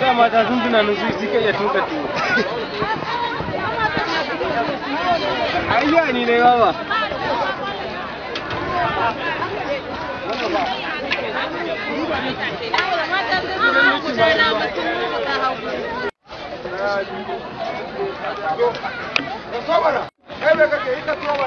da mata sun tunanin su iya tuka tuwo ayyuwa ni ne baba Go. Go. Go. Go. Go. Go. Go. Go. Go.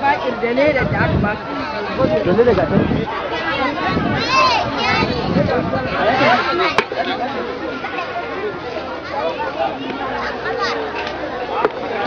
zan baki da leda da aka baka. Da leda ga Thank you.